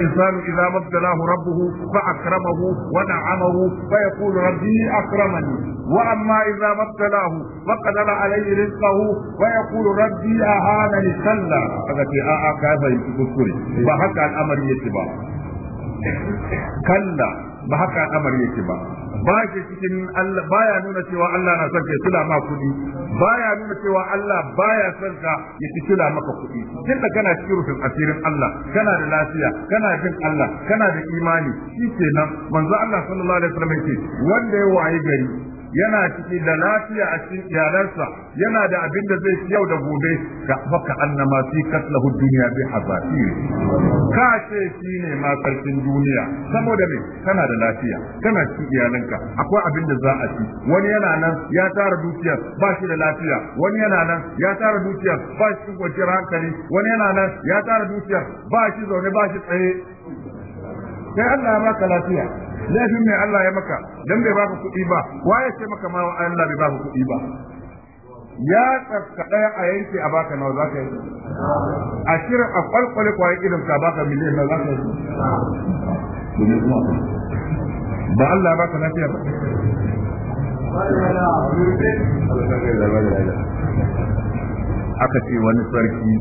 الإنسان إذا ما ابتلاه ربه فأكرمه ونعمه فيقول ربي أكرمني وأما إذا ما ابتلاه فقدر عليه رزقه ويقول ربي أهانني كلا هذا في آآ كافة يتكسري فهكذا الأمر يتبع كلا ba haka al'amari yake ba ba ke cikin Allah baya nuna cewa Allah na son kai tula ma kuɗi baya nuna cewa Allah baya son ka ya ci tula maka kuɗi tun da kana cikin rufin asirin Allah kana da lafiya kana jin Allah kana da imani shi kenan manzo Allah sallallahu alaihi wasallam yake wanda ya wayi gari yana ciki da lafiya a cikin iyalansa yana da abin da zai yau da gobe ka baka annama fi katlahu dunya bi hazati ka ce shi ne ma sarkin duniya saboda me kana da lafiya kana cikin iyalanka akwai abin da za a ci wani yana nan ya tara dukiyar ba shi da lafiya wani yana nan ya tara dukiyar ba shi kwanciyar hankali wani yana nan ya tara dukiyar ba shi zaune ba shi tsaye Sai Allah ya baka lafiya laifin mai Allah ya maka dan bai baka kuɗi ba waye ce maka ma Allah bai baka kuɗi ba ya tsarka ɗaya a yanke a baka nawa zaka yi a shirin a kwalkwale kwaye idan ka baka miliyan na zaka yi ba Allah ya baka lafiya ba aka ce wani sarki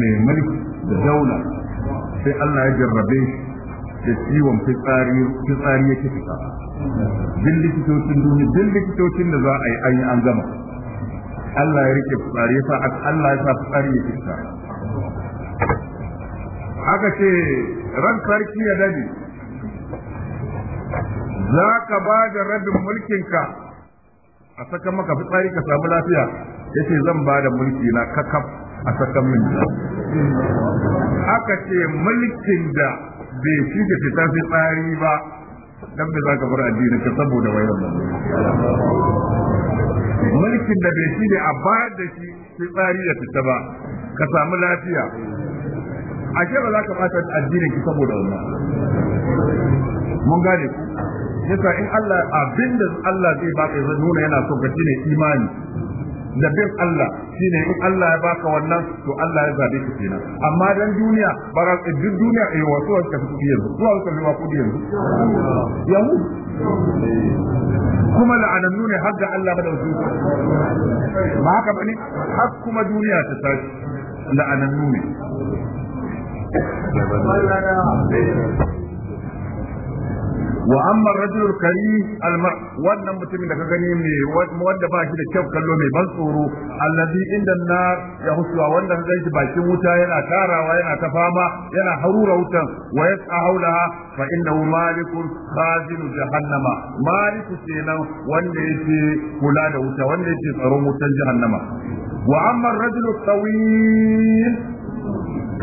mai mulki da daula sai Allah ya jarrabe shi da ciwon fitsari yake fita bin likitocin duniya bin likitocin da za a yi an yi an gama Allah ya rike fitsari ya sa Allah ya sa fitsari yake fita haka ce ran sarki ya dade za ka ba da rabin mulkinka a saka maka fitsari ka samu lafiya yace zan ba da mulki na kakaf a sakan min aka ce mulkin da bai shi da fita fi tsari ba dan bai za ka bar addini ka saboda wayar nan mulkin da bai shi ne a bayar da shi fi tsari ya fita ba ka samu lafiya ashe ba za ka bata addini ki saboda wannan mun gane ku yasa in Allah abinda Allah zai baka ya nuna yana so ka shine imani da bin Allah shine in Allah ya baka wannan to Allah ya zabe ka kenan amma dan duniya bara duk duniya eh wato ka fi kudi yanzu zuwa ka fi kudi yanzu yahu kuma la'anannu ne har da Allah ba da wasu ba haka bane har kuma duniya ta tashi la'anannu ne wa amma rajulul karim almar wannan mutumin da ka gani wanda ba shi da kyau kallo mai ban tsoro allazi inda na ya husuwa wanda ka gani bakin wuta yana tarawa yana ta fama yana harura wutan wa yas'a haulaha fa innahu malikun khazinu jahannama maliku kenan wanda yake kula da wuta wanda yake tsaron wutan jahannama wa amma rajulul tawil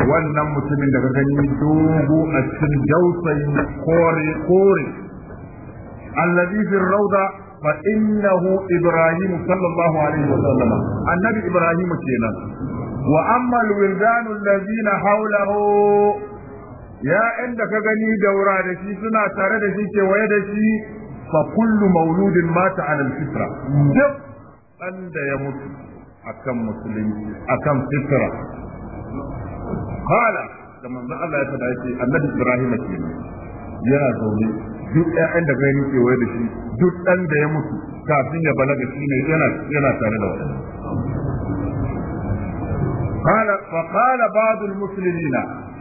wannan mutumin daga gani dogo a cikin dausayi kore kore allazi rauda fa innahu ibrahim sallallahu alaihi wa sallama, annabi ibrahim kenan wa amma alwildan allazina hawlahu ya inda ka gani daura da shi suna tare da shi kewaye da shi fa kullu mauludin mata ala fitra duk da ya mutu akan musulunci akan fitra qala da manzo Allah ya fada yace annabi Ibrahim kenan yana zaune duk ɗayan da gani ke waye da shi duk ɗan da ya mutu kafin ya balaga shine yana yana tare da wannan qala fa qala ba'd al-muslimin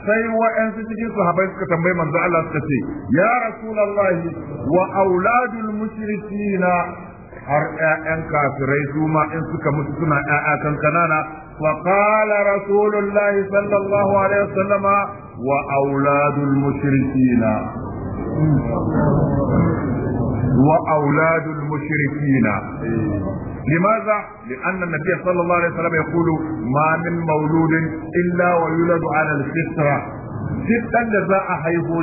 sai wa'ansu cikin sahabbai suka tambayi manzo Allah suka ce ya rasulullahi wa auladul mushrikina har ƴaƴan kafirai su ma in suka mutu suna ƴaƴa kan kanana wa qala rasulullahi sallallahu alaihi wasallam wa auladul mushrikina وأولاد المشركين لماذا؟ لأن النبي صلى الله عليه وسلم يقول ما من مولود إلا ويولد على الفطرة ستة da za a haifo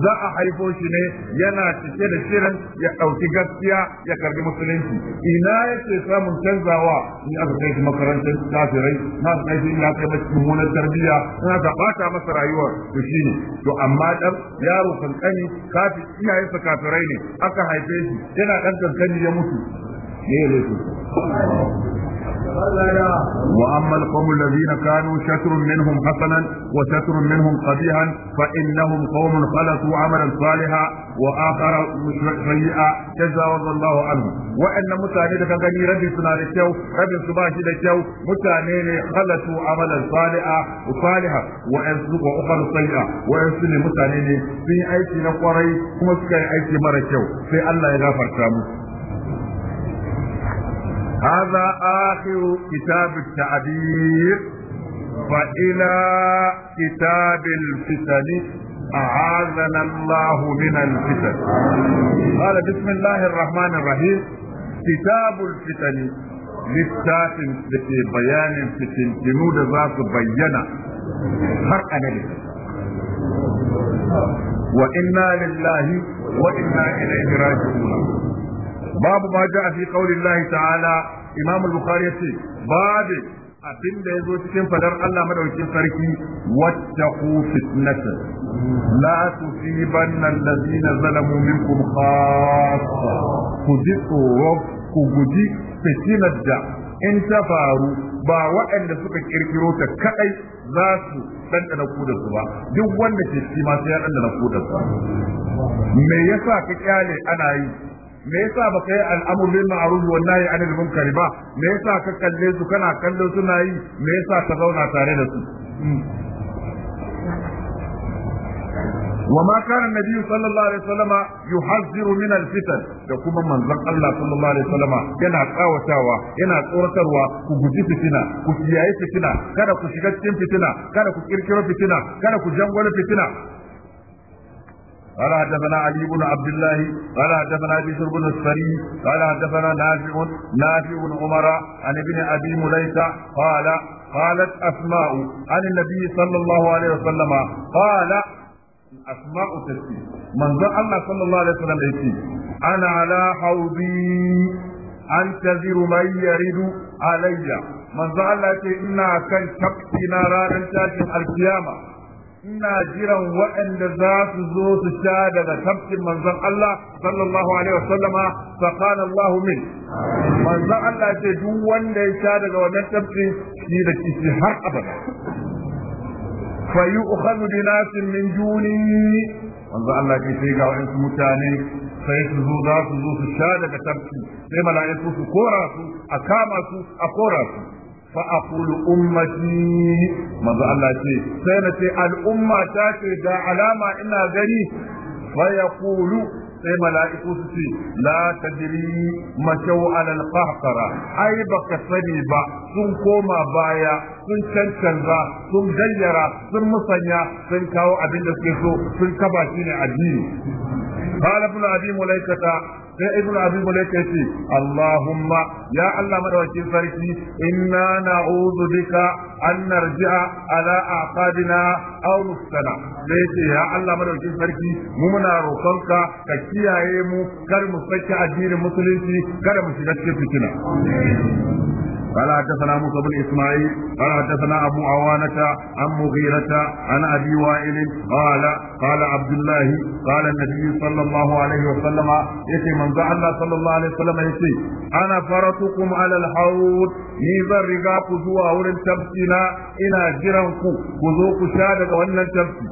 za a haifo shi ne yana cike da shirin ya ɗauki gaskiya ya karbi musulunci ina yake samun canzawa in aka kai shi makarantar kafirai na aka kai shi ina kai masu mummunar tarbiyya in aka bata masa rayuwa to ne to amma ɗan yaro kankani kafin iyayensa kafirai ne aka haife shi yana ɗan kankani ya mutu ne وأما القوم الذين كانوا شتر منهم حسنا وشتر منهم قبيحا فإنهم قوم خلقوا عملا صالحا وآخر سيئا تجاوز الله عنه وإن متاني لك غني ربي سنا لكيو ربي سباشي لكيو متاني خلقوا عملا صالحا وصالحا وآخر سيئا وإنسوا متاني في أيتي نقري كما سكي أيتي مرة كيو في الله يغفر كامو هذا آخر كتاب التعبير فإلى كتاب الفتن أعاذنا الله من الفتن قال بسم الله الرحمن الرحيم كتاب الفتن littafin da ke bayanin fitintinu da za su bayyana har a nan wa inna lillahi babu ma ja'a fi qaulillahi ta'ala imam al-bukhari yace babu abin da yazo cikin fadar Allah madaukakin sarki wattaqu fitnatan la tusibanna allazina zalamu minkum khassa ku ku guji fitinar da in ta faru ba waɗanda suka kirkiro ta kadai za su ɗanɗana da su ba duk wanda ke ciki ma sai ya ɗanɗana da su, me yasa ka kyale ana yi me yasa ba kai al'amur bil ma'ruf wa nahi anil munkar ba me yasa ka kalle su kana kallo suna yi me yasa ka zauna tare da su Wa كان النبي صلى الله عليه وسلم يحذر من الفتن da kuma manzon Allah sallallahu alaihi wasallam yana tsawatawa yana tsoratarwa ku guji fitina ku kiyaye fitina kada ku shiga cikin fitina kada ku kirkiro fitina kada ku jangwala fitina قال حدثنا علي بن عبد الله قال حدثنا بشر بن السري قال حدثنا نافع نافع بن عمر عن ابن ابي مليكه قال قالت اسماء عن النبي صلى الله عليه وسلم قال اسماء تسي من ذا الله صلى الله عليه وسلم يتي انا على حوضي انتظر من يرد علي من ذا الله يتي انا كان شبتنا رانا تاجم القيامه ina jiran waɗanda za su zo su sha daga tafkin manzon Allah sallallahu alaihi wasallama faqana Allah min manzon Allah ce duk wanda ya sha daga wannan tafkin shi da kishi har abada fa yu'khadhu bi nasin min juni manzon Allah ce sai ga wani mutane sai su zo za su zo su sha daga tafki sai mala'iku su kora su a kama su a kora su fa aqulu ummati manzo Allah ce sai na ce al'umma ta ce da alama ina gani fa sai mala'iku su ce la tadri mashau ala qahqara ai baka sani ba sun koma baya sun cancanza sun gayyara sun musanya sun kawo abin da suke so sun kaba shi ne addini قال ابن ابي مليكه sai ibnu abi mulaika yace allahumma ya allah madawacin sarki inna na'udhu bika an narji'a ala aqadina aw nustana yace ya allah madawacin sarki mu muna rokonka, ka kiyaye mu kar mu saki addinin musulunci kada mu shiga cikin fitina قال حدثنا موسى بن اسماعيل قال حدثنا ابو عوانة عن مغيرة عن ابي وائل قال قال عبد الله قال النبي صلى الله عليه وسلم يتي من الله صلى الله عليه وسلم يتي انا فرطكم على الحوض ني رقاك زوا ورن تبسنا انا جرنكو كذوك شادك وانا تبسي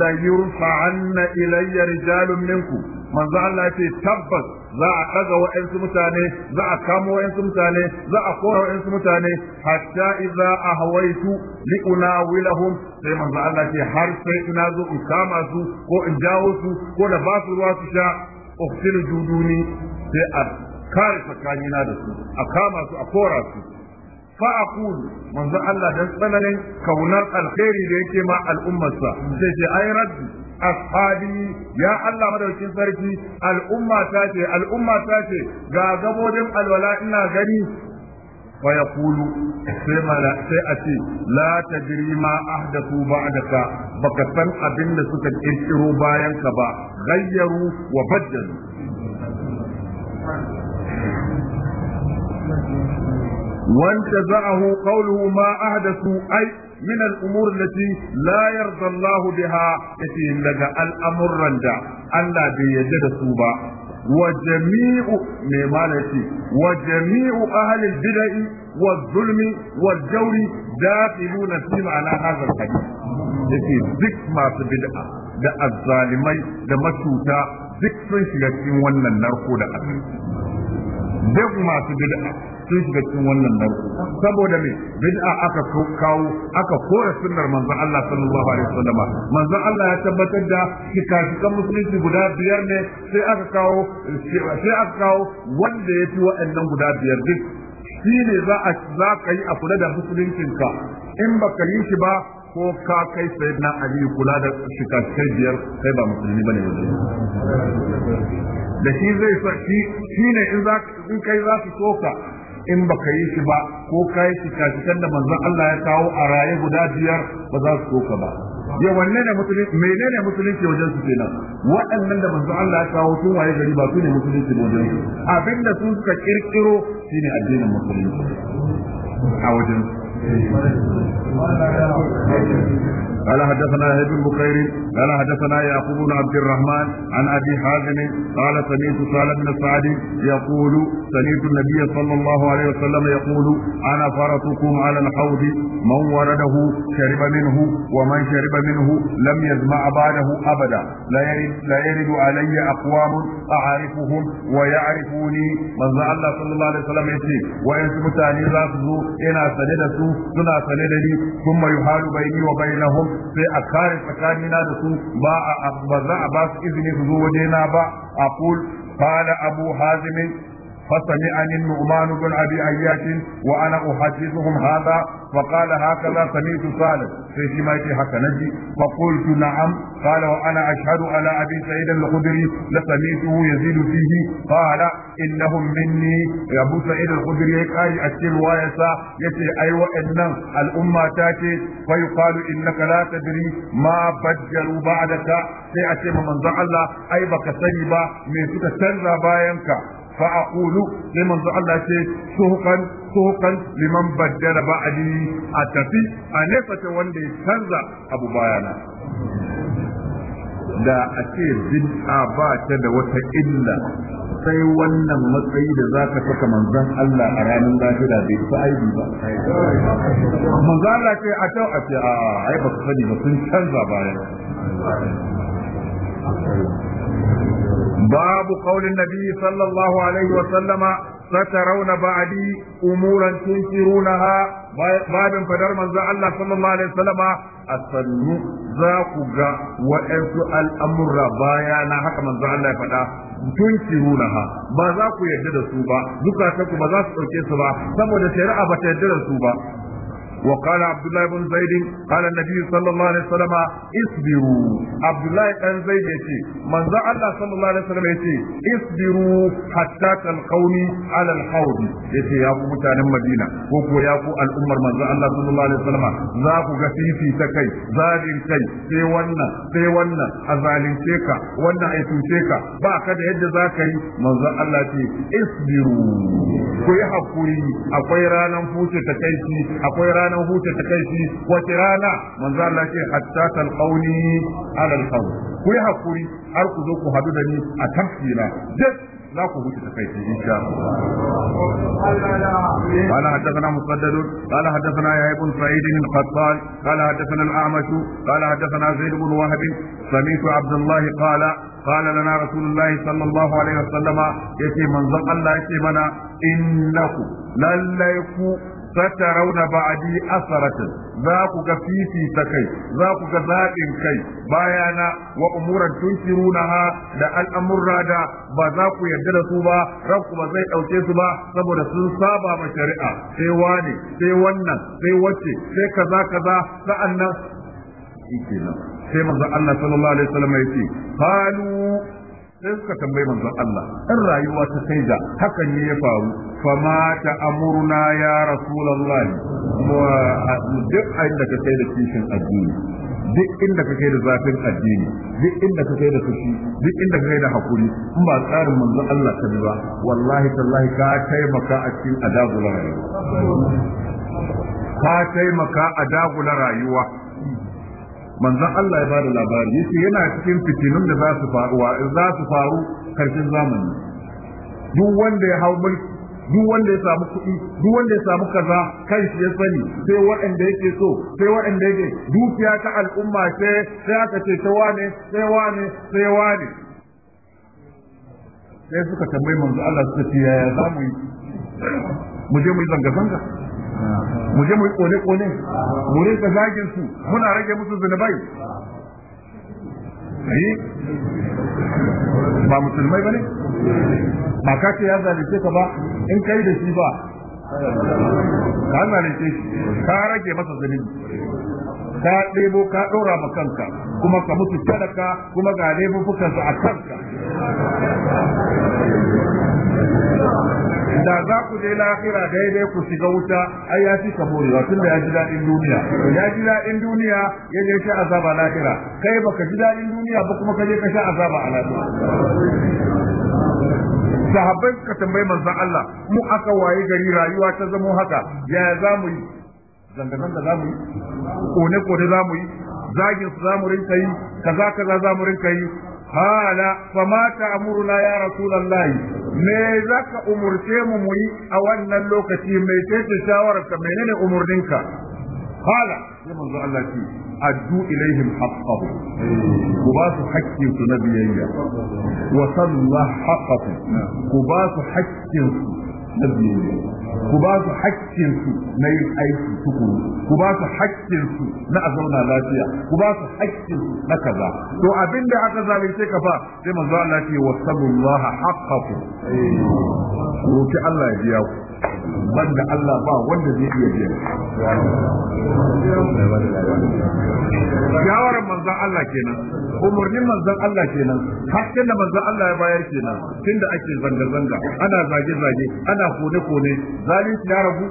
لا يرفعن الي رجال منكم manzo Allah yace tabbas za a ɗaga wa'ansu mutane za a kamo wa'ansu mutane za a kora wa'ansu mutane hatta idza ahwaitu li unawilahum sai manzo Allah yace har sai ina zo in kama su ko in jawo su ko da ba su ruwa su sha ukhtil juduni sai a kare tsakanina da su a kama su a kora su فأقول من ذا Allah dan tsananin كونر الخير da yake ma al'ummarsa sai sai ai raddi ashabi ya Allah madaukin sarki al'umma ta ce al'umma ta ce ga gabodin alwala ina gani fa Kulu sai mala sai a ce la tadri ma ahdathu ba'daka baka san abin da suka kirkiro bayan ka ba gayyaru wa baddalu وانتزعه قوله ما أحدثوا أي min al-umur allati la yarda Allah biha Yake daga al'amuran da Allah bai yarda da su ba wa jami'u me malaki wa jami'u ahli al-bid'ah wa zulmi wa jawri dafiluna fi ma'ana hadha al-hadith yace duk masu bid'a da azzalimai da matuta duk sun shiga cikin wannan narko da abin duk masu bid'a sun shiga cikin wannan narko saboda me bid'a aka kawo aka kora sunnar manzon Allah sallallahu alaihi wasallam manzon Allah ya tabbatar da shikakan musulunci guda biyar ne sai aka kawo sai aka kawo wanda ya fi wa'annan guda biyar duk shi ne za a za ka yi a kula da ka, in baka yi shi ba ko ka kai sai na Ali kula da shikakan biyar kai ba musulmi bane yanzu da shi zai sa shi ne in za in kai za su soka in ba ka yi shi ba ko ka yi shi kafitan da manzon Allah ya kawo a raye guda biyar ba za su koka ba ya wanne ne musulunci musulunci wajen su kenan waɗannan da manzon Allah ya kawo sun waye gari ba su ne musulunci wajen su Abin da sun suka kirkiro ne addinin musulunci قال حدثنا هيثم بن بخير قال حدثنا يعقوب بن عبد الرحمن عن ابي حازم قال سمعت سال بن سعد يقول سمعت النبي صلى الله عليه وسلم يقول انا فرطكم على الحوض من ورده شرب منه ومن شرب منه لم يزمع بعده ابدا لا يرد لا يرد علي اقوام اعرفهم ويعرفوني من الله صلى الله عليه وسلم يقول وان متاني ذات ina sane da su suna sane da ni kuma yuhalu baini wa bainahum sai a kare tsakanina da su ba a ba za a ba su izini su zo wajena ba kul qala abu hazim فسمعني النعمان بن ابي اياش وانا احدثهم هذا فقال هكذا سمعت صالح في حمايتي هكا نجي فقلت نعم قال وانا اشهد على ابي سعيد الخدري لسمعته يزيد فيه قال انهم مني يا ابو سعيد الخدري قال اتي روايه يتي ايوه ان الامه تاتي فيقال انك لا تدري ما بدلوا بعدك sai a ce ma manzon Allah ai baka sani ba me suka canza bayanka فأقول لمن الله شيء سوقا سوقا لمن بدل بعدي أتفي أنفة وندي كنزا أبو بايانا da a ce bid'a ba ta da wata illa sai wannan matsayi da za ka saka manzan Allah a ranar lafiya bai fi aibi ba. Manzan Allah ce a tau a ce a ai ba su sani ba sun canza bayan. باب قول النبي صلى الله عليه وسلم سترون بعدي امورا تنكرونها باب فدر من الله صلى الله عليه وسلم asannu za ku ga waɗansu al'amura baya na haka manzo Allah ya faɗa tunkiru ha ba za ku yarda da su ba zukatan ku ba za su ɗauke su ba saboda shari'a ba ta yarda da su ba وقال عبد الله بن زيد قال النبي صلى الله عليه وسلم اصبروا عبد الله بن زيد يتي من الله صلى الله عليه وسلم يتي اصبروا حتى تلقوني على الحوض يتي يا ابو متان المدينه وكو يا ابو الامر من الله صلى الله عليه وسلم ذاك غفيفي تكاي zalin kai sai wannan sai wannan a zalunce ka wannan a cuce ka ba ka da yadda za ka yi manzon Allah ce isbiru ku yi hakuri akwai ranan fuce takaici akwai ranan ranar huta ta kai wace rana manzo Allah ce hatta talqauni ala alqawl ku yi hakuri har ku zo ku hadu da ni a tafsira duk za ku huta ta kai shi insha Allah qala hadathana musaddad qala hadathana ya ibn sa'id bin qattan qala hadathana al-a'mash qala hadathana zaid bin wahab sami'tu abdullah qala قال لنا رسول الله صلى الله عليه وسلم يتي منزل الله يتي منا إنه لن يكون satarauna ba'adi asaratin za ku ga fifita kai za ku ga zaɓin kai bayana wa umuran ha da al'amurra da ba za ku yarda da su ba ranku ba zai ɗauke su ba saboda sun saba ma shari'a sai wane sai wannan sai wacce sai kaza kaza sa'annan sai manzo Allah sallallahu alaihi wasallam ya ce sai suka tambayi manzon Allah in rayuwa ta sai hakan ne ya faru fama ta amurna ya rasulullahi wa duk inda ka sai da kishin addini duk inda ka kai da zafin addini duk inda ka kai da fushi duk inda ka kai da hakuri in ba tsarin manzon Allah ka ba wallahi tallahi ka taimaka a cikin adabul rayuwa ka taimaka a rayuwa manzon Allah ya bada labari yace yana cikin fitinun da za su faru za su faru karshen zamani duk wanda ya hau mulki duk wanda ya samu kuɗi duk wanda ya samu kaza kai shi ya sani sai waɗanda yake so sai waɗanda yake dukiya ta al'umma ce sai aka ce ta wane sai wane sai wane sai suka tambayi manzo Allah suka ce yaya za mu yi mu je mu yi zanga-zanga mu je mu yi kone kone mu rinka zagin su muna rage musu zunubai ayi ba musulmai bane ba ka ce ya zalunce ka ba in kai da shi ba ka zalunce shi ka rage masa zunubi ka ɗebo ka ɗora ma kanka kuma ka mutu talaka kuma ga laifuffukansu a kanka da za ku je lahira daidai ku shiga wuta ai ya fi kaburewa tun da ya ji daɗin duniya ya ji daɗin duniya ya je sha azaba lahira kai baka ji daɗin duniya ba kuma ka je ka sha azaba a lahira sahabbai suka tambayi manzon Allah mu aka waye gari rayuwa ta zamo haka yaya za mu yi zanga da za mu yi kone-kone za mu yi zagin su za mu rinka yi kaza kaza za mu rinka yi Hala قال فما تأمرنا ya rasu الله me za ka umurce mu muyi a wannan lokaci mai ce shawararka menene umurninka hala? ya manzo Allah ki addu ilaihim haqqahu ku ba su haƙƙin su na biyayya wa sallah haqqahu ku ba su haƙƙin su na biyayya ku ba su haƙƙin su na yin aiki tukuru ku ba su haƙƙin su na a zauna lafiya ku ba su haƙƙin su na kaza to abin da aka sai ka fa sai manzo Allah ce wa sallallahu haqqaku eh, roki Allah ya biya ku banda Allah ba wanda zai iya biya shawarar manzon Allah kenan umarnin manzon Allah kenan hakkin da manzon Allah ya bayar kenan tunda ake zanga zanga ana zage zage ana Allah kone kone zalunci ya ragu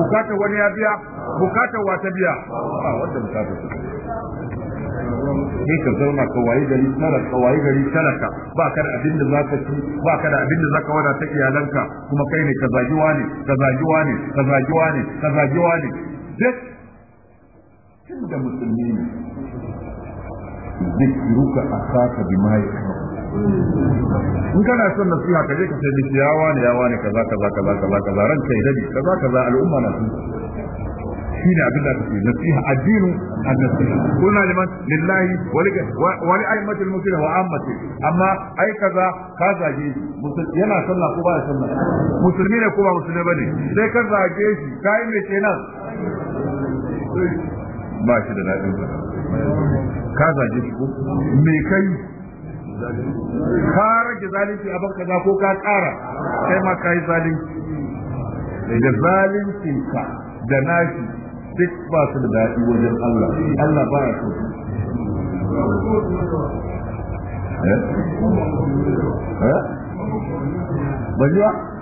bukatar wani ya biya bukatar wata biya a wanda bukatar sai ka zauna ka waye gari tara ka waye gari talaka ba ka da abin da zaka ci ba ka da abin da zaka wada ta iyalanka kuma kai ne ka zagi wani ka zagi wani ka zagi wani ka zagi wani duk kin da musulmi ne zikruka akaka bima yakrahu in kana son nasiha ka je ka sai miki wa ne ya ne kaza kaza kaza kaza kaza ran kai dadi kaza kaza al'umma na su shi ne abin da kake nasiha addinu an-nasiha kullu liman lillahi wa li a'immatil muslimin wa ammati amma ai kaza kaza zage musulmi yana sallah ko ba ya sallah musulmi ne ko ba musulmi bane sai ka zage shi kai me kenan ba shi da nadin ka zage shi ko me kai ka rage zalunci a banka za ko ka ƙara kai ma ka yi zalunci daga zalincin ka da nashi duk ba su da daɗi wajen Allah Allah ba ya so eh? Eh? ba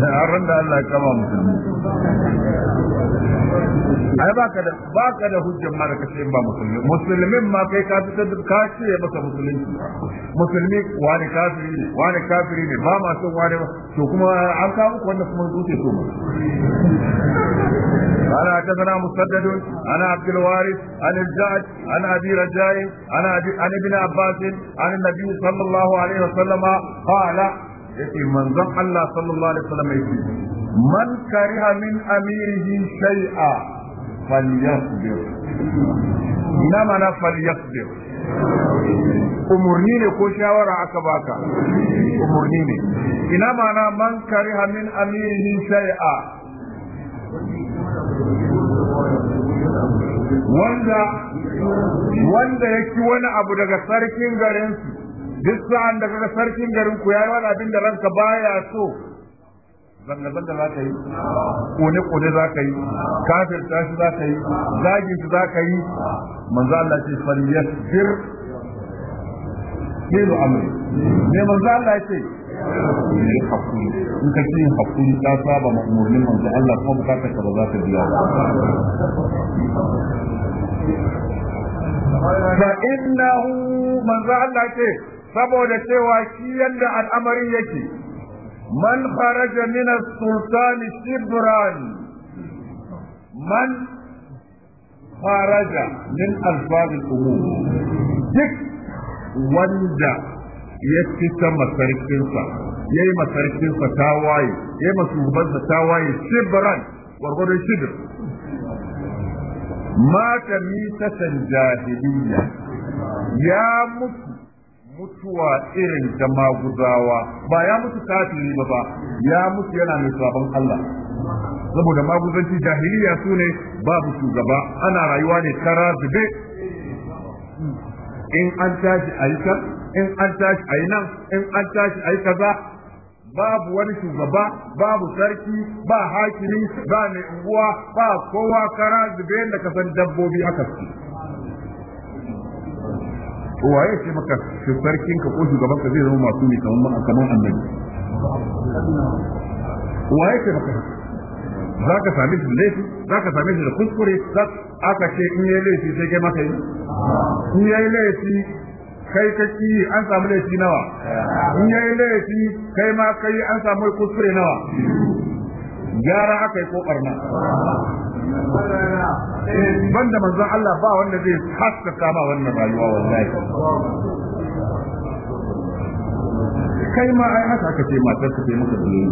an ran da Allah ya kama da da hujjar ma da ba musulmi musulmin ma kai ka fitar da ka ce masa musulmi musulmi kafiri ne wani kafiri ne ba ma son wani ba to kuma an kawo wanda kuma zuce so mu قال حدثنا مسدد عن عبد الوارث عن الجعد عن ابي رجاء عن عن ابن عباس عن النبي صلى الله عليه وسلم قال yace manzon Allah sallallahu alaihi wasallam yace man kariha min amirihi shay'a falyasbir ina mana falyasbir umurni ne ko shawara aka baka umurni ne ina mana man kariha min amirihi shay'a wanda wanda yake wani abu daga sarkin garinsu duk sa'an da kaga sarkin garin ku yayi wani abin da ranka baya so zanga zanga za ka yi kone kone za ka yi kafir tashi za ka yi zagin za ka yi manzo Allah ce falyasbir kilu amri ne manzo Allah ce yi hakuri in ka ce hakuri ta saba ma'amurin manzo Allah kuma bukatar ka ba za ta biya fa innahu manzo Allah ce saboda cewa shi yadda al'amari yake man kharaja min as-sultan shibran man kharaja min alfaz al duk wanda ya fita masarkinsa ya yi masarkinsa ta waye ya yi masubansa ta waye shibran gwargwadon shibir mata mitatan jahiliya ya mutu mutuwa irin da maguzawa ba ya mutu kafiri ba ba ya mutu yana mai sabon Allah saboda maguzanci jahiliya su ne babu shugaba ana rayuwa ne tara zube in an tashi aika in an tashi a nan in an tashi a kaza babu wani shugaba babu sarki ba hakimi ba mai unguwa ba kowa kara zube da kasan dabbobi haka su waye ce maka sarkin ka ko shugaban ka zai zama masu ne kamar kamar annabi waye ce maka za ka same shi ne laifi za ka same shi da kuskure za aka ce in yayi laifi sai kai maka yi in yayi laifi kai ka ki an samu laifi nawa in yayi laifi kai ma kai an samu kuskure nawa gyara aka yi ko barna banda manzon Allah ba wanda zai haskaka ba wannan rayuwa wallahi kai ma ai haka aka ce matar ka ce maka biyu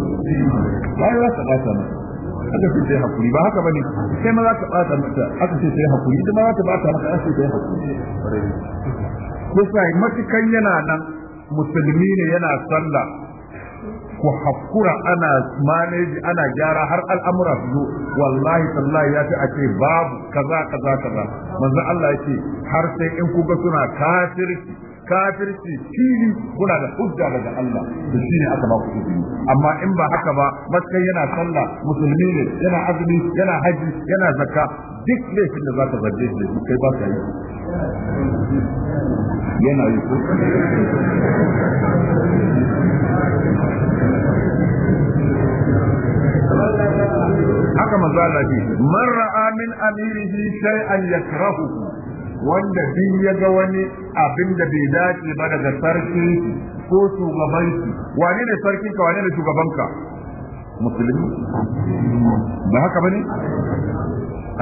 bai za ta bata mata aka ce sai hakuri ba haka bane sai ma za ka bata mata aka ce sai hakuri idan ma za ka bata maka aka ce sai hakuri ko sai matukan yana nan musulmi ne yana sallah ku hakura ana maneji ana gyara har al'amura su zo wallahi tallahi ya fi a ce babu kaza kaza kaza manzo Allah yake har sai in kuga suna kafirci kafirci fili kuna da hujja daga Allah da ne aka ba ku izini amma in ba haka ba matsayin yana sallah musulmi ne yana azumi yana haji yana zakka duk laifin da zaka zarge shi da kai ba ka yi yana yi haka manzo Allah ce man ra'a min amirihi shay'an yakrahu wanda din ya ga wani abin da bai dace ba daga sarki ko shugabanki wane ne sarkin ka wane ne shugabanka musulmi ba haka bane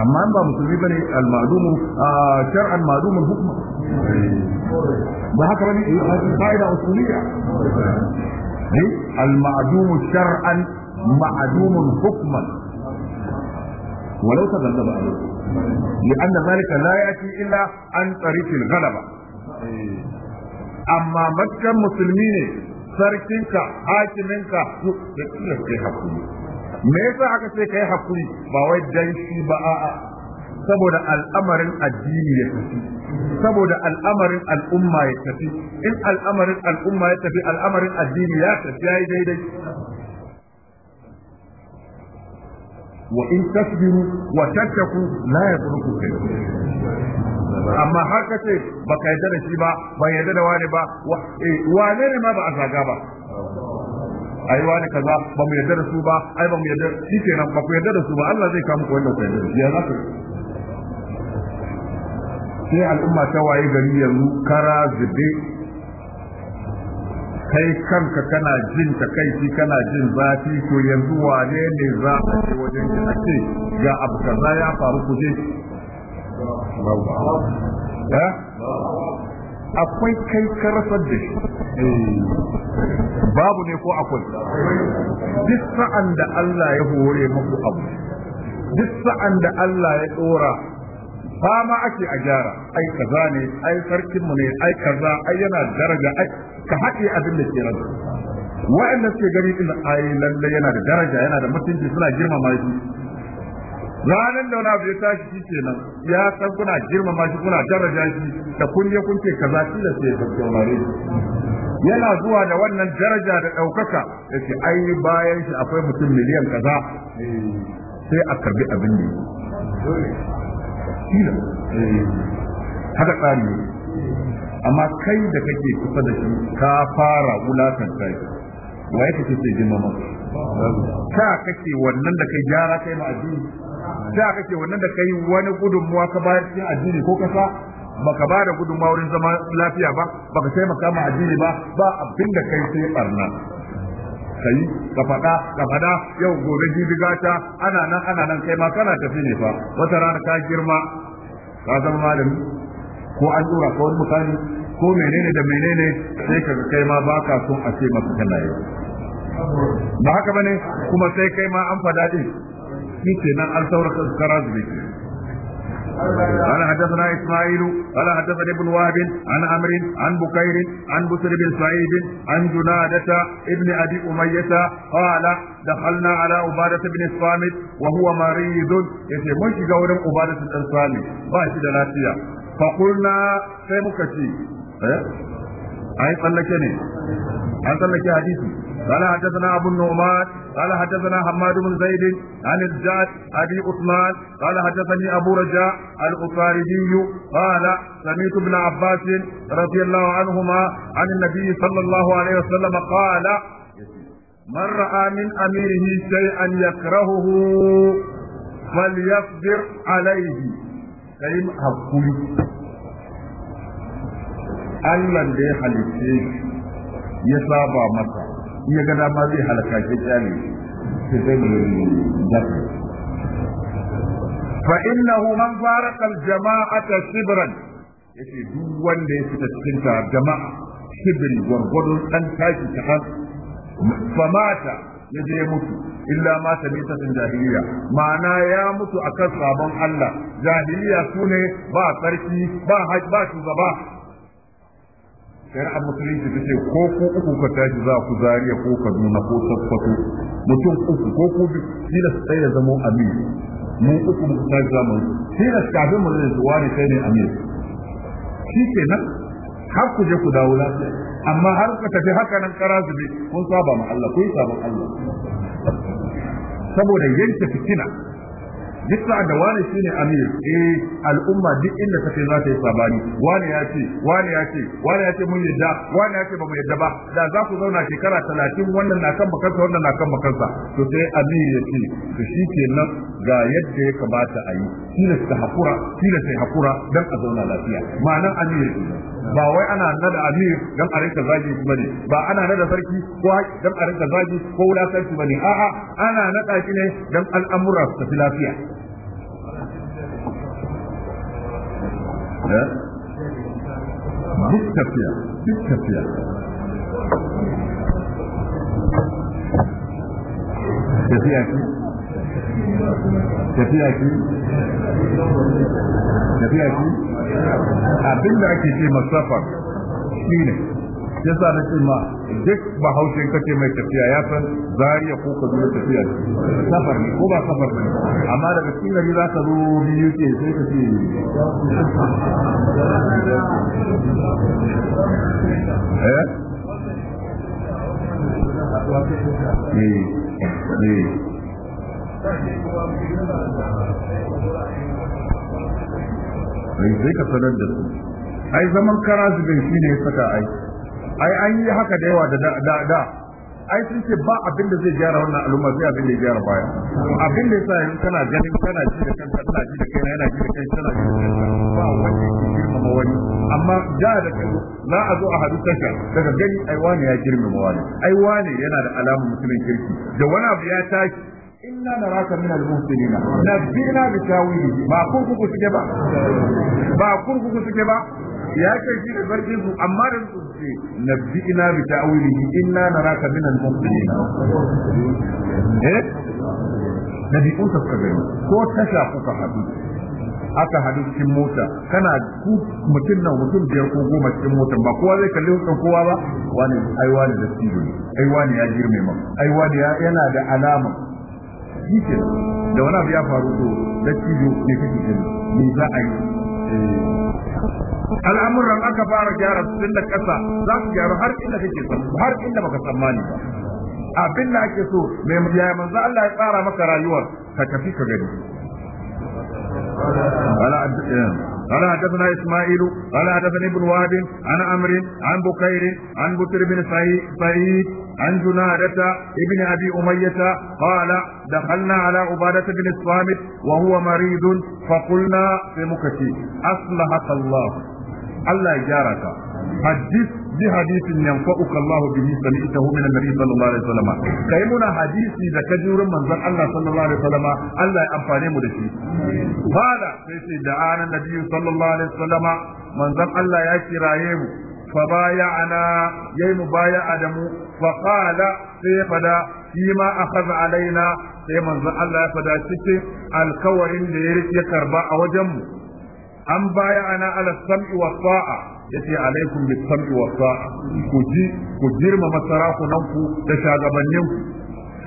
amma ba musulmi bane al-ma'lumu shar'an ma'lumun hukma ba haka bane eh, ka'ida usuliyya المعدوم شرعا معدوم حكما ولو تغلب عليه لأن ذلك لا يأتي إلا عن طريق الغلبة أما مكة مسلمين sarkinka hakiminka su da kai me yasa aka ce kai hakuri ba wai danshi ba a'a saboda al'amarin addini ya tafi saboda al'amarin al'umma ya tafi in al'amarin al'umma ya tafi al'amarin addini ya tafi ya yi daidai wa in tasbiru wa tattaku la yadurku amma har kace baka yarda da shi ba ba yarda da wani ba eh, wane ne ma ba a zaga ba ai wani kaza ba mu yarda da su ba ai ba mu yarda shi kenan ba ku yarda da su ba Allah zai kawo ku wannan ku yarda ya za ku sai al'umma ta waye gari yanzu kara zube kai kanka kana jin takaici kana jin zafi to yanzu wane ne za a ce wajen ki a ce ga abu kaza ya faru kuje eh? akwai kai karfar da shi eh. babu ne ko akwai duk sa'an da Allah ya hore muku abu duk sa'an da Allah ya dora fama ake a gyara ai kaza ne ai sarkin mu ne ai kaza ai yana daraja ai ka haɗe abin da ke rabu wa'anda suke gari din ai lalle yana da daraja yana da mutunci suna girmama shi ranan da wani abu ya tashi shi nan ya san kuna girmama shi kuna daraja shi da kun je kun ce kaza shi da sai tattaunare yana zuwa da wannan daraja da ɗaukaka da ke ai bayan shi akwai mutum miliyan kaza eh, sai a karbi abin da kila haka tsari ne amma kai da kake kusa da shi ka fara wulakanta shi wa ya kake sai girmama ka kake wannan da kai gyara kai ma addini Ta kake wannan da kai wani gudunmuwa ka bayar cikin addini ko kasa baka ba da gudunmuwa wurin zama lafiya ba baka taimaka ma addini ba ba abin da kai sai barna kai ka faɗa ka faɗa yau gobe jibi gata ana nan ana nan kai ma kana tafi ne fa wata rana ka girma ka zama malami ko an dora ka wani mutane ko menene da menene sai ka kai ma baka son a ce maka kana yi ba haka bane kuma sai kai ma an faɗa din shi kenan an su karazu ne قال حدثنا اسماعيل قال حدثني ابن وهب عن عمر عن بكير عن بسر بن سعيد عن جنادة ابن ابي أمية قال دخلنا على عبادة بن الصامت وهو مريض يسمون شجور عبادة بن الصامت باشد لاتيا فقلنا سيمكشي أي صلى كني أي صلى حديثي قال حدثنا ابو النعمان قال حدثنا حماد بن زيد عن الزاد ابي عثمان قال حدثني ابو رجاء القفاردي قال سميت ابن عباس رضي الله عنهما عن النبي صلى الله عليه وسلم قال من راى من اميره شيئا يكرهه فليصبر عليه كريم حقوق الله ده ya halitte ya ya ga dama zai halaka shi kyale shi zai jafi fa innahu man farqa al jama'ata shibran yace duk wanda ya fita cikin jama'a shibrin gwargwadon dan tashi ta kan mata ya je mutu illa ma ta bi jahiliya ma'ana ya mutu akan sabon Allah jahiliya sune ba sarki ba ba shugaba a musulunci ta ce ko ku uku ka tashi za ku zariya ko kaduna ko sakkwato mutum uku ko ku tilas sai ya zama amir mu uku mu tashi za mu tilas kafin mu zai zuwa ne sai ne amir shi ke nan har ku je ku dawo lafiya amma har ka tafi haka nan kara zube kun saba ma Allah ku yi saban Allah saboda yanke fitina duk sa da wani shine amir eh al'umma duk inda take za ta yi sabani wani ya ce wani ya ce wani ya ce mun yadda wani ya ce ba mu yadda ba da za ku zauna shekara talatin wannan na kan bakansa wannan na kan bakansa to sai amir ya ce to shi kenan ga yadda ya kamata a yi tilasta hakura ta hakura dan a zauna lafiya ma'anan amir ba wai ana nada amir dan a rinka zagi ne, ba ana nada sarki ko dan a rinka zagi ko ba ne, a'a ana nada shi ne dan al'amura su tafi lafiya Eh? duk tafiya duk tafiya tafiya ki tafiya ki tafiya ki abinda ake ce masafar shine sai sa na ce ma duk bahaushe kace mai tafiya ya san zariya ko ka zuwa tafiya safar ne ko ba safar ne amma daga cikin gari za ka zo biyu ke sai ka ce eh, eh, eh. sai ka sanar da su ai zaman karasu bai shine ya saka aiki. ai an yi haka da yawa da da da ai sun ce ba abin da zai gyara wannan al'umma sai abin da ya gyara baya abin da yasa yanzu kana ganin kana ji da kanka kana ji da kai yana ji da kai kana ji da kanka ba wani ke girmama wani amma da da kai za a zo a hadu kanka daga gani ai wani ya girmama wani ai wani yana da alamun mutumin kirki da wani abu ya tashi inna naraka min al-muhsinina nabina bi tawili ba kurkuku suke ba ba kurkuku suke ba ya ce shi da barci su amma da su ce bi ina bi ta'awilihi inna naraka min al-muqtadin eh bi kun ka gani ko tasha kuka hadu aka hadu cikin mota kana ku mutum nan mutum biyar ko goma cikin mota ba kowa zai kalli hukun kowa ba wani ai wani da tijo ne ai wani ya girme ma ai wani yana da alama shi da wani abu ya faru to da tijo ne kake gani ni za a yi al'amuran aka fara gyara tun da ƙasa za su gyaru har inda kake so har inda baka tsammani ba abin da ake so mai yaya manzo Allah ya tsara maka rayuwar ka tafi ka gani قال قال حدثنا اسماعيل قال حدثني ابن وهب عن عمرو عن بكير عن بكر بن سعيد عن جنادة ابن ابي امية قال دخلنا على عبادة بن الصامت وهو مريض فقلنا في مكتي اصلحك الله الله يجارك حدث ji hadisin yanfa'uka Allah bihi sami'tahu min annabi sallallahu alaihi wasallam kai muna hadisi da ka jurin manzon Allah sallallahu alaihi wasallam Allah ya amfane mu da shi fada sai sai da anan nabi sallallahu alaihi wasallam manzon Allah ya kiraye mu fa فبايعنا يي مبايع ادمو فقال سيفدا فيما اخذ علينا sai manzon Allah ya fada cikin alkawarin da ya rike karba a wajenmu an baya ana ala sam'i wa sa'a yace alaikum bis sam'i wa sa ku ji ku girma masarakunan ku da shagabannin ku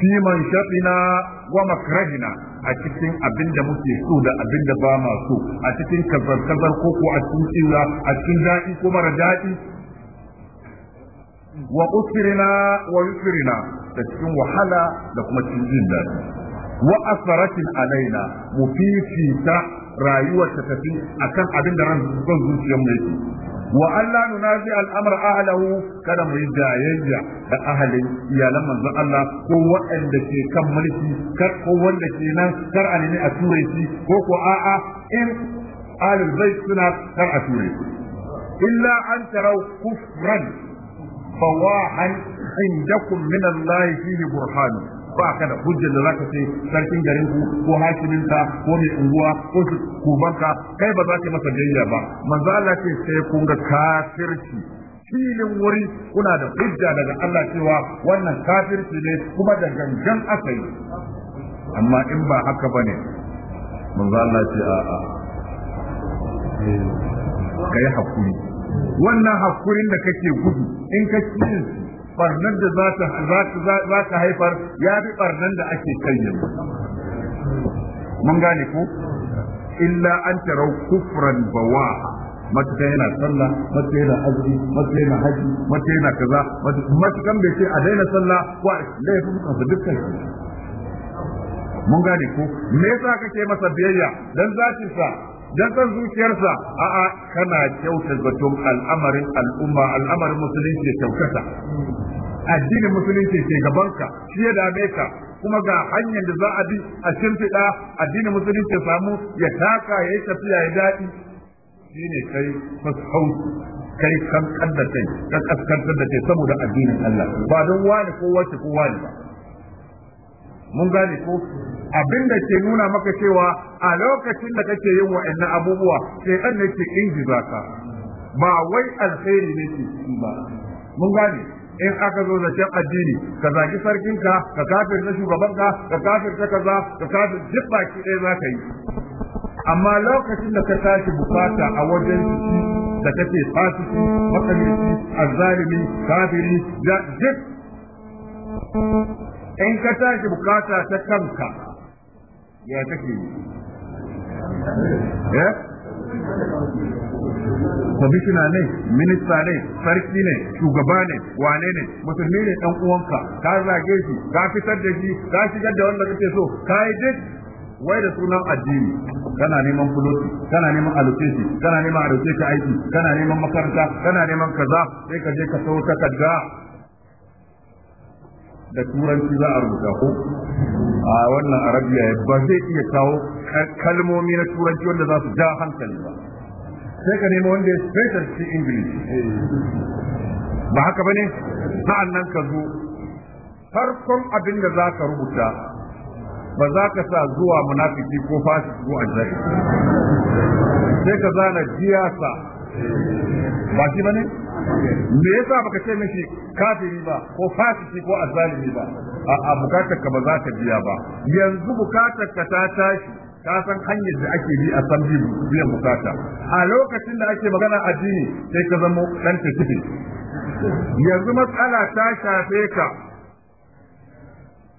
fi man shafina wa makrahina a cikin abin da muke so da abin da ba ma so a cikin kazar-kazar ko ko a cikin tsira a cikin daɗi ko mara daɗi wa usrina wa yusrina da cikin wahala da kuma cikin jin daɗi wa asaratin alaina mu fifita rayuwar ta tafi akan abin da ran zuciyar mu yake wa Allah nunazi al'amr ahlahu kada mu yi jayayya da ahalin iyalan manzon Allah ko waɗanda ke kan mulki kar ko wanda ke nan kar a nemi a ture shi ko ko a'a in ahlul bait suna kar a ture shi illa an tarau kufran fawahan indakum min Allah fihi burhanu ba ka da hujjar da zaka ce sarkin garin ku ko hakimin ka ko mai unguwa ko kubanka kai ba za ka masa jayya ba manzo Allah ce sai kun ga kafirci filin wuri kuna da hujja daga Allah cewa wannan kafirci ne kuma da gangan akai amma in ba haka bane manzo Allah ce a kai hakuri wannan hakurin da kake gudu in ka ci barnan da za ta haifar ya fi barnan da ake kanye yanzu mun gane ku illa an tarau kufran bawa matukan yana sallah matukan yana azumi matukan yana haji matukan yana kaza matukan bai ce a daina sallah wa laifin kansa dukkan mun gane ku me yasa kake masa biyayya dan zatin sa dan san zuciyarsa a'a kana kyauta batun al'amarin al'umma al'amarin musulunci ya kyautata addinin musulunci ke gabanka shi ya dame ka kuma ga hanyar da za a bi a shimfiɗa addinin musulunci ya samu ya taka ya yi tafiya ya daɗi shi ne kai fasau kai kan da kai kaskantar da kai saboda addinin Allah ba don wani ko wace ko wani ba mun gane ko abin da ke nuna maka cewa a lokacin da kake yin wa'annan abubuwa sai an ne ke injiza ka ba wai alheri ne ke ba mun gane in aka zo zancen addini ka zagi sarkin ka kafir na shugabanka ka kafir ta kaza ka kafir duk baki ɗaya za ka yi amma lokacin da ka tashi bukata a wajen da kake fasiki makamci azzalimi kafiri duk in ka tashi bukata ta kanka ya take yi eh? kwamishina ne minista ne sarki ne shugaba ne wane ne musulmi ne dan uwanka ka zage shi ka fitar da shi ka shigar da wanda kake so ka yi duk wai da sunan addini kana neman fuloti kana neman allocation kana neman a ka aiki kana neman makaranta kana neman kaza sai ka je ka sau takarda da turanci za a rubuta ko a wannan arabiya ba zai iya kawo kalmomi na turanci wanda za su ja hankali ba sai ka nemi wanda ya special shi english ba haka bane sa'an nan ka zo farkon abin da za ka rubuta ba za ka sa zuwa munafiki ko fasiki ko azzari sai ka zana jiyasa ba shi bane me yasa baka ce mashi kafiri ba ko fasiki ko azzalimi ba a bukatar ka ba za ka biya ba yanzu bukatar ka ta tashi ka san hanyar da ake bi a san biyan bukata a lokacin da ake magana addini sai ka zama dan tafi yanzu matsala ta shafe ka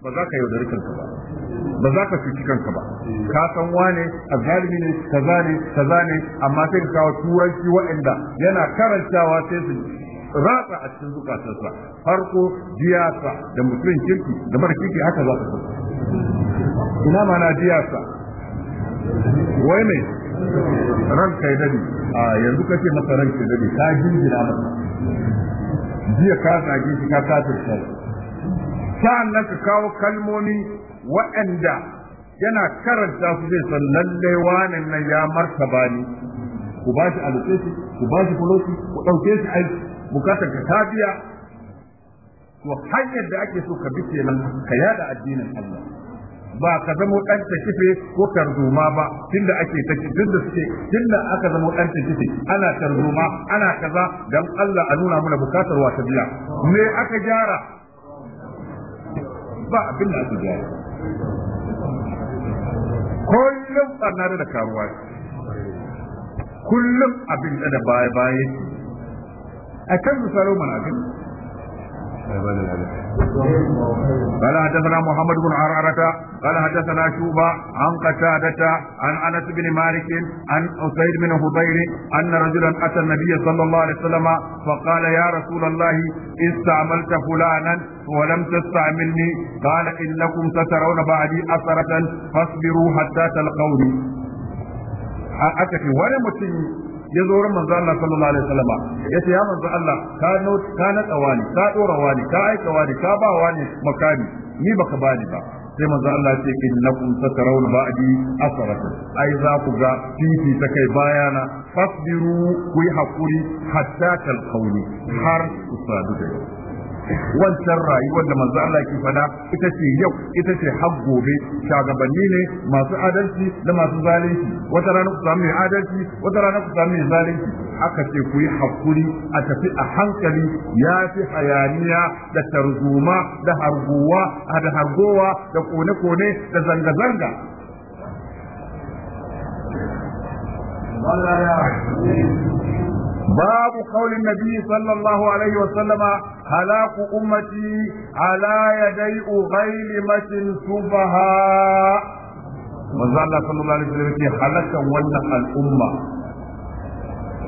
ba za ka yaudari kanka ba ba za ka cuci kanka ba ka san wane azalimi ne kaza ne kaza ne amma sai ka kawo turanci waɗanda yana karantawa sai su ratsa a cikin zukatarsa farko diyasa da mutum kirki da mara kirki haka za ka ina mana diyasa wai ne ranka ya dade a yanzu kace masa ranka ya dade ka jingina masa jiya ka zage shi ka kafirta sa'an nan ka kawo kalmomi waɗanda yana karanta su zai san lalle wannan nan ya martaba ni ku ba shi alƙesi ku ba shi kulosi ku ɗauke shi aiki bukatar ka ta biya to hanyar da ake so ka bi kenan ka yada addinin Allah ba ka zama dan ta kife ko tarzoma ba tunda ake ta tunda suke tunda aka zama dan ta kife ana tarzoma ana kaza dan Allah a nuna mana bukatar wata biya me aka gyara ba abin da aka gyara kullum barna da karuwa kullum abin da baya baya a kan misalo mana abin قال حدثنا محمد بن عرعرة قال حدثنا شوبة عن قتادة عن أنس بن مالك عن أسيد بن هضير أن رجلا أتى النبي صلى الله عليه وسلم فقال يا رسول الله استعملت فلانا ولم تستعملني قال إنكم سترون بعدي أثرة فاصبروا حتى تلقوني aka ce wani mutum ya zo wurin manzo Allah sallallahu alaihi wasallam ya ce ya manzo Allah ka ka na tsawani ka dora wani ka aika wani ka ba wani makami ni baka bani ba sai manzo Allah ce innakum satarawna ba'di asrata ai za ku ga titi ta kai bayana fasbiru ku yi hakuri hatta talqauni har ku sadu da wancan rayuwar da manzo Allah ke fada ita ce yau ita ce har gobe shagabanni ne masu adalci da masu zalunci wata rana ku samu adalci wata rana ku samu zalunci aka ce ku yi hakuri a tafi a hankali ya fi hayaniya da tarzuma da harguwa da hargowa da kone-kone da zanga-zanga باب قول النبي صلى الله عليه وسلم هلاك أمتي على يدي أغيلمة سبهاء manzo Allah sallallahu alaihi wasallam ce halakan wannan al'umma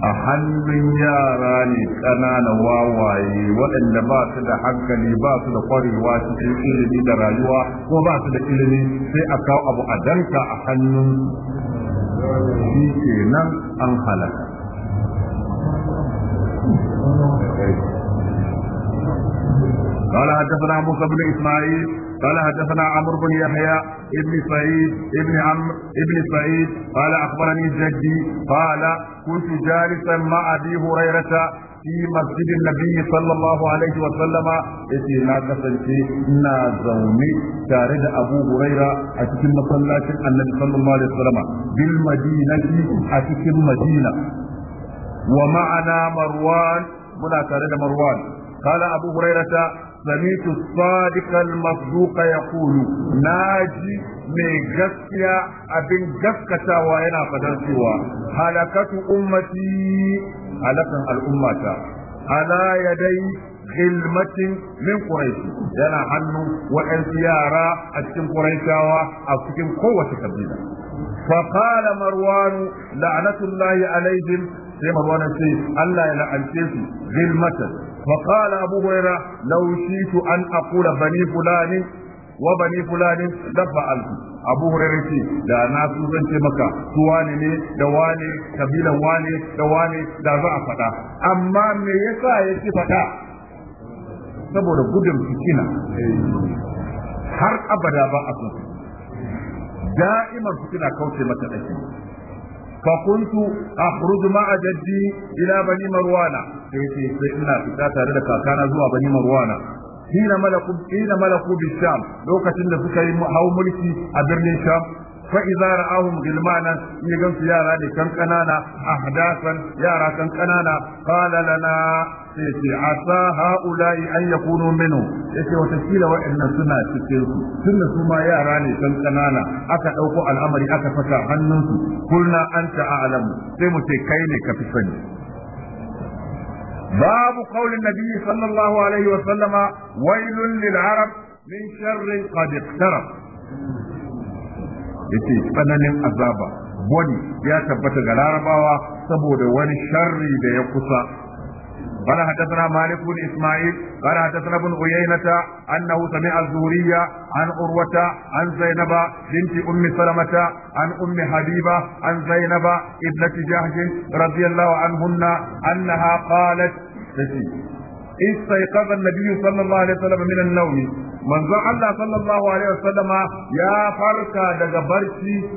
a hannun yara ne ƙanana wawaye waɗanda ba su da hankali ba su da kwarewa cikin ilimi da rayuwa ko ba su da ilimi sai a kawo abu a danka a hannun shi an halaka قال حدثنا موسى بن اسماعيل قال حدثنا عمرو بن يحيى ابن سعيد ابن عمرو ابن سعيد قال اخبرني جدي قال كنت جالسا مع ابي هريره في مسجد النبي صلى الله عليه وسلم yace na kasance ina zaune tare da Abu Huraira a cikin masallacin Annabi sallallahu alaihi wasallam bil madinati a cikin Madina wa ma'ana Marwan muna tare da Marwan قال أبو هريرة سمعت الصادق المصدوق يقول ناجي من غسيا أبن غسكتا وأنا فدرسوا هلكة أمتي هلكة الأمة على يدي khilmatin min quraish yana hannu waɗansu yara a cikin quraishawa a cikin kowace kabila fa qala marwan la'natullahi alaihim sai marwan ce Allah ya la'ance su فقال أبو هريرة لو شئت أن أقول بني فلان وبني فلان ce da na zance maka su wane ne da wane kabilan wane da wane da za faɗa amma me yasa yake faɗa saboda gudun fitina har abada ba a so da'iman fitina kauce mata dake fa kuntu akhruju ma'a jaddi ila bani marwana sai yace sai ina fita tare da kakana zuwa bani marwana hina malaku hina malaku lokacin da suka yi hau mulki a birnin sham fa idza ra'ahum gilmana ya gamsu yara ne kan kanana ahdasan yara kan kanana qala lana sai ce asa haula'i an yakunu minhu yace wata kila waɗannan suna cikin su tunda su ma yara ne kan kanana aka dauko al'amari aka fasa hannunsu kulna anta a'lamu sai mu ce kai ne ka fi sani باب قول النبي صلى الله عليه وسلم ويل للعرب من شر قد اقترب yace tsananin azaba wani ya tabbata ga larabawa saboda wani sharri da ya kusa قال حدثنا مالك بن اسماعيل قال حدثنا ابن عيينة انه سمع الزهري عن عروة عن زينب بنت ام سلمة عن ام حبيبة عن زينب ابنة جهش رضي الله عنهن انها قالت استيقظ النبي صلى الله عليه وسلم من النوم من الله صلى الله عليه وسلم يا فركا دغبرتي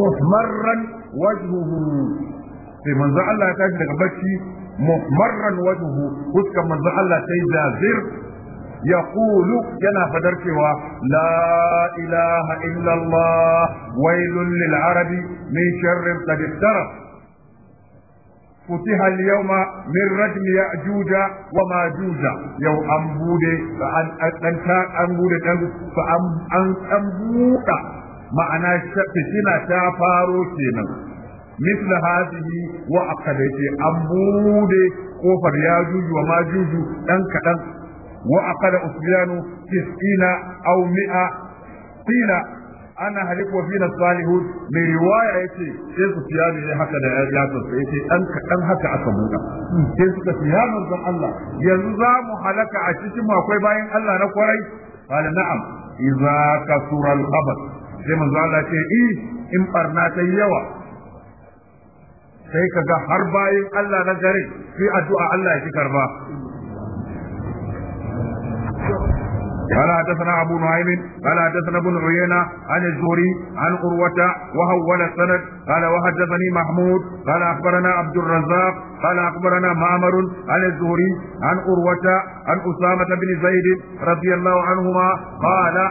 محمرا وجهه sai manzo Allah ya tashi daga bacci muhmarran wajhu fuskan manzo Allah sai zazir yaqulu yana fadar cewa la ilaha illa Allah wailul lil arabi min sharri qad iftara futiha al yawma min rajm ya'juja wa ma'juja yau an bude fa an dan ta an bude an an buda ma'ana shafi ta faro kenan مثل هذه وأقلت أمود كفر ياجوج وماجوج أنك أن وأقل أسبيان تسعين أو مئة قيل ana halik wa fina salihun mai riwaya yace sai su fiya ne haka da ya tsotsa yace dan haka aka buɗa sai suka fiya manzon Allah yanzu za mu halaka a cikin mu akwai bayan Allah na kwarai qala na'am idza kasura al-abad sai manzon Allah ce in barna ta yawa sai ka ga har bayan Allah na gare sai addu'a Allah ya ki karba قال حدثنا أبو نعيم قال حدثنا ابن عيينة عن الزهري عن قروة وهول السند قال وحدثني محمود قال أخبرنا عبد الرزاق قال أخبرنا معمر عن الزهري عن قروة عن أسامة بن زيد رضي الله عنهما قال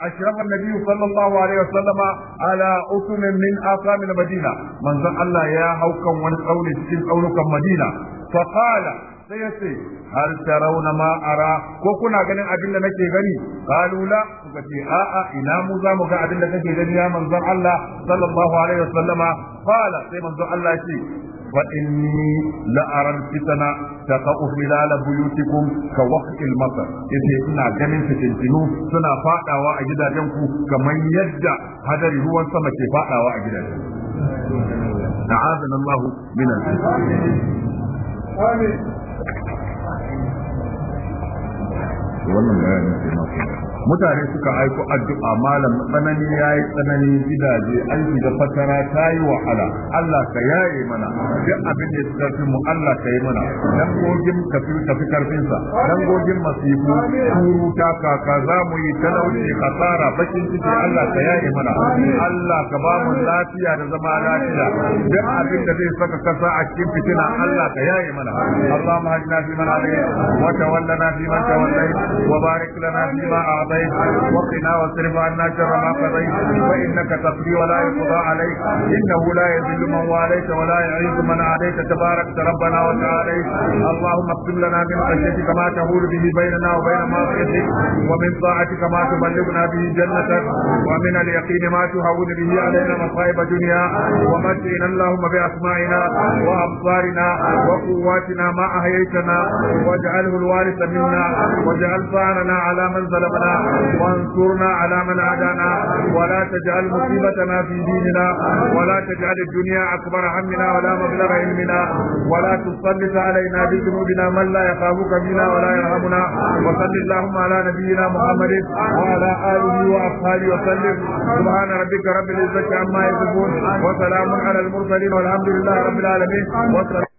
أشرف النبي صلى الله عليه وسلم على أسن من آثام المدينة من ذا الله يا هوكم ونسأول السن أولك المدينة فقال سيسي هل ترون ما أرى وكنا غنين أبن لنكي غني قالوا لا وكتي آآ إنا مزا مكا أبن لنكي غني يا من ذا الله صلى الله عليه وسلم قال سي من ذا الله شيء فإني لأرى الفتنة تقع خلال بيوتكم كوقت المطر إذا إنا جميل فتنتنو سنا فاقا وأجدا جنكو كمن يدع هذا هو سمك فاقا وأجدا أعاذنا الله من الفتنة آمين والله bayanin sai na mutane suka aiko addu'a malam tsanani yi tsanani gidaje an shiga fatara yi wahala Allah ka yaye mana duk abin da ya fi mu Allah ka yi mana dan gogin fi tafi karfin sa dan gogin masifu turu ta kaka za mu yi talauci kasara bakin ciki Allah ka yaye mana Allah ka ba mu lafiya da zama lafiya duk abin da zai saka kasa a cikin fitina Allah ka yaye mana Allahumma hajna fi man hadayt wa tawallana fi man tawallayt wa barik lana fi ma قضيت وقنا واصرف عنا شر ما قضيت فانك تقضي ولا يقضى عليك انه لا يذل من واليت ولا يعز من عليك تبارك ربنا وتعالى اللهم اقسم لنا من خشيتك ما تهول به بيننا وبين معصيتك ومن طاعتك ما تبلغنا به جنتك ومن اليقين ما تهون به علينا مصائب الدنيا ومتعنا اللهم باسمائنا وابصارنا وقواتنا ما احييتنا واجعله الوارث منا واجعل ثارنا على من ظلمنا وانصرنا على من عادانا ولا تجعل مصيبتنا في ديننا ولا تجعل الدنيا أكبر همنا ولا مبلغ علمنا ولا تسلط علينا بذنوبنا من لا يخافك فينا ولا يرحمنا وصل اللهم على نبينا محمد وعلى آله وأصحابه وسلم سبحان ربك رب العزة عما يصفون وسلام على المرسلين والحمد لله رب العالمين والسلام